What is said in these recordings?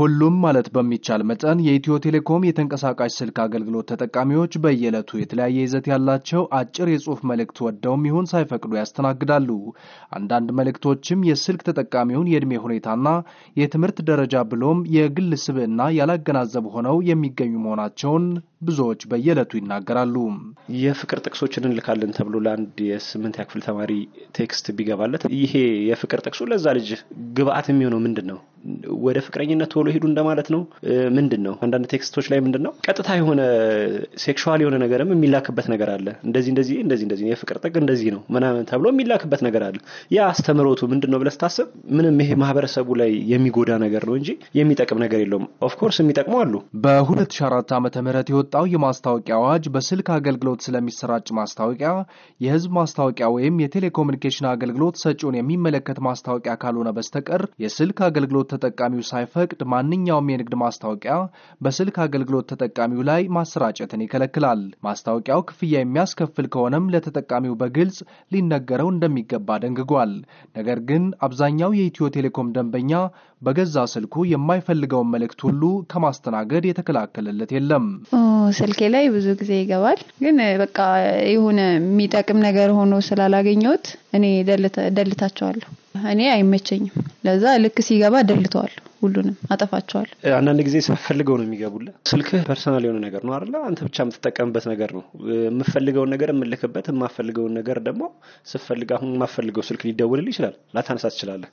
ሁሉም ማለት በሚቻል መጠን የኢትዮ ቴሌኮም የተንቀሳቃሽ ስልክ አገልግሎት ተጠቃሚዎች በየዕለቱ የተለያየ ይዘት ያላቸው አጭር የጽሁፍ መልእክት ወደውም ይሁን ሳይፈቅዱ ያስተናግዳሉ። አንዳንድ መልእክቶችም የስልክ ተጠቃሚውን የዕድሜ ሁኔታና የትምህርት ደረጃ ብሎም የግል ስብዕና ያላገናዘቡ ሆነው የሚገኙ መሆናቸውን ብዙዎች በየዕለቱ ይናገራሉ። የፍቅር ጥቅሶችን እንልካለን ተብሎ ለአንድ የስምንት ያክፍል ተማሪ ቴክስት ቢገባለት ይሄ የፍቅር ጥቅሱ ለዛ ልጅ ግብአት የሚሆነው ምንድን ነው? ወደ ፍቅረኝነት ቶሎ ሄዱ እንደማለት ነው ምንድን ነው አንዳንድ ቴክስቶች ላይ ምንድን ነው ቀጥታ የሆነ ሴክሽዋል የሆነ ነገርም የሚላክበት ነገር አለ እንደዚህ እንደዚህ እንደዚህ እንደዚህ የፍቅር ጥቅ እንደዚህ ነው ምናምን ተብሎ የሚላክበት ነገር አለ ያ አስተምሮቱ ምንድን ነው ብለህ ስታስብ ምንም ይሄ ማህበረሰቡ ላይ የሚጎዳ ነገር ነው እንጂ የሚጠቅም ነገር የለውም ኦፍኮርስ የሚጠቅሙ አሉ በ2004 ዓ ም የወጣው የማስታወቂያ አዋጅ በስልክ አገልግሎት ስለሚሰራጭ ማስታወቂያ የህዝብ ማስታወቂያ ወይም የቴሌኮሙኒኬሽን አገልግሎት ሰጪውን የሚመለከት ማስታወቂያ ካልሆነ በስተቀር የስልክ አገልግሎት አገልግሎት ተጠቃሚው ሳይፈቅድ ማንኛውም የንግድ ማስታወቂያ በስልክ አገልግሎት ተጠቃሚው ላይ ማሰራጨትን ይከለክላል። ማስታወቂያው ክፍያ የሚያስከፍል ከሆነም ለተጠቃሚው በግልጽ ሊነገረው እንደሚገባ ደንግጓል። ነገር ግን አብዛኛው የኢትዮ ቴሌኮም ደንበኛ በገዛ ስልኩ የማይፈልገውን መልእክት ሁሉ ከማስተናገድ የተከላከለለት የለም። ስልኬ ላይ ብዙ ጊዜ ይገባል፣ ግን በቃ የሆነ የሚጠቅም ነገር ሆኖ ስላላገኘሁት እኔ ደልታቸዋለሁ። እኔ አይመቸኝም። ለዛ ልክ ሲገባ ደልተዋል ሁሉንም አጠፋቸዋል አንዳንድ ጊዜ ሳፈልገው ነው የሚገቡለ ስልክህ ፐርሰናል የሆነ ነገር ነው አለ አንተ ብቻ የምትጠቀምበት ነገር ነው የምፈልገውን ነገር የምልክበት የማፈልገውን ነገር ደግሞ ስፈልግ አሁን የማፈልገው ስልክ ሊደውልል ይችላል ላታነሳ ትችላለህ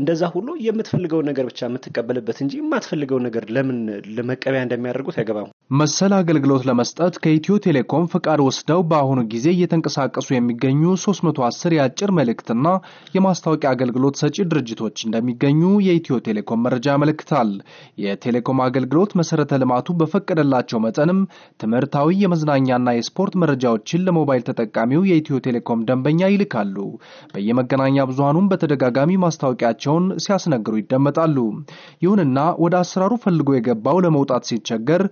እንደዛ ሁሉ የምትፈልገውን ነገር ብቻ የምትቀበልበት እንጂ የማትፈልገውን ነገር ለምን ለመቀበያ እንደሚያደርጉት አይገባም መሰል አገልግሎት ለመስጠት ከኢትዮ ቴሌኮም ፍቃድ ወስደው በአሁኑ ጊዜ እየተንቀሳቀሱ የሚገኙ 310 የአጭር መልእክትና የማስታወቂያ አገልግሎት ሰጪ ድርጅቶች እንደሚገኙ የኢትዮ ቴሌኮም መረጃ ያመለክታል። የቴሌኮም አገልግሎት መሰረተ ልማቱ በፈቀደላቸው መጠንም ትምህርታዊ፣ የመዝናኛና የስፖርት መረጃዎችን ለሞባይል ተጠቃሚው የኢትዮ ቴሌኮም ደንበኛ ይልካሉ። በየመገናኛ ብዙሃኑም በተደጋጋሚ ማስታወቂያቸውን ሲያስነግሩ ይደመጣሉ። ይሁንና ወደ አሰራሩ ፈልጎ የገባው ለመውጣት ሲቸገር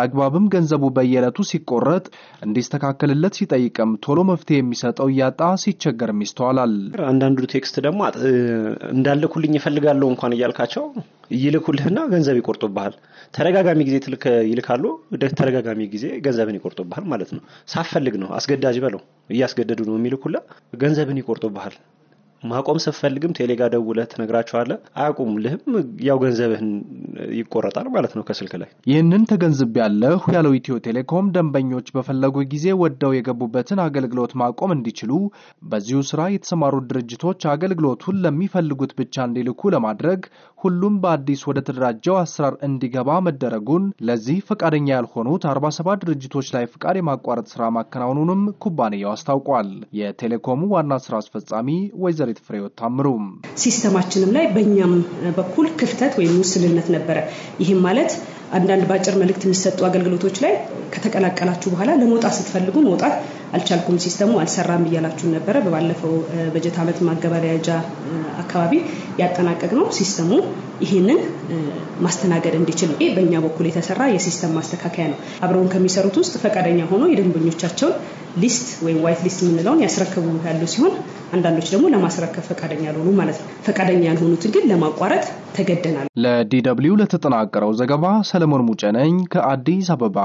አላግባብም ገንዘቡ በየዕለቱ ሲቆረጥ እንዲስተካከልለት ሲጠይቅም ቶሎ መፍትሄ የሚሰጠው እያጣ ሲቸገርም ይስተዋላል። አንዳንዱ ቴክስት ደግሞ እንዳልኩልኝ ይፈልጋለሁ እንኳን እያልካቸው ይልኩልህና ገንዘብ ይቆርጡብሃል። ተደጋጋሚ ጊዜ ትልክ ይልካሉ። ተደጋጋሚ ጊዜ ገንዘብን ይቆርጡብሃል ማለት ነው። ሳፈልግ ነው አስገዳጅ በለው እያስገደዱ ነው የሚልኩላ ገንዘብን ይቆርጡብሃል። ማቆም ስፈልግም ቴሌጋ ደውለህ ትነግራቸዋለህ። አያቁሙልህም። ያው ገንዘብህን ይቆረጣል ማለት ነው ከስልክ ላይ። ይህንን ተገንዝብ ያለሁ ያለው ኢትዮ ቴሌኮም ደንበኞች በፈለጉ ጊዜ ወደው የገቡበትን አገልግሎት ማቆም እንዲችሉ በዚሁ ስራ የተሰማሩ ድርጅቶች አገልግሎቱን ለሚፈልጉት ብቻ እንዲልኩ ለማድረግ ሁሉም በአዲስ ወደ ተደራጀው አሰራር እንዲገባ መደረጉን ለዚህ ፈቃደኛ ያልሆኑት 47 ድርጅቶች ላይ ፍቃድ የማቋረጥ ስራ ማከናወኑንም ኩባንያው አስታውቋል። የቴሌኮሙ ዋና ስራ አስፈጻሚ ወይዘሪት ፍሬወት ታምሩ ሲስተማችንም ላይ በእኛም በኩል ክፍተት ወይም ውስንነት ነበረ። ይህም ማለት አንዳንድ በአጭር መልእክት የሚሰጡ አገልግሎቶች ላይ ከተቀላቀላችሁ በኋላ ለመውጣት ስትፈልጉ መውጣት አልቻልኩም፣ ሲስተሙ አልሰራም እያላችሁን ነበረ። በባለፈው በጀት ዓመት ማገበያጃ አካባቢ ያጠናቀቅ ነው ሲስተሙ ይህንን ማስተናገድ እንዲችል ነው። በእኛ በኩል የተሰራ የሲስተም ማስተካከያ ነው። አብረውን ከሚሰሩት ውስጥ ፈቃደኛ ሆኖ የደንበኞቻቸውን ሊስት ወይም ዋይት ሊስት የምንለውን ያስረከቡ ያሉ ሲሆን አንዳንዶች ደግሞ ለማስረከብ ፈቃደኛ ያልሆኑ ማለት ነው። ፈቃደኛ ያልሆኑትን ግን ለማቋረጥ ተገደናል። ለዲ ደብልዩ ለተጠናቀረው ዘገባ ሰለሞን ሙጨነኝ ከአዲስ አበባ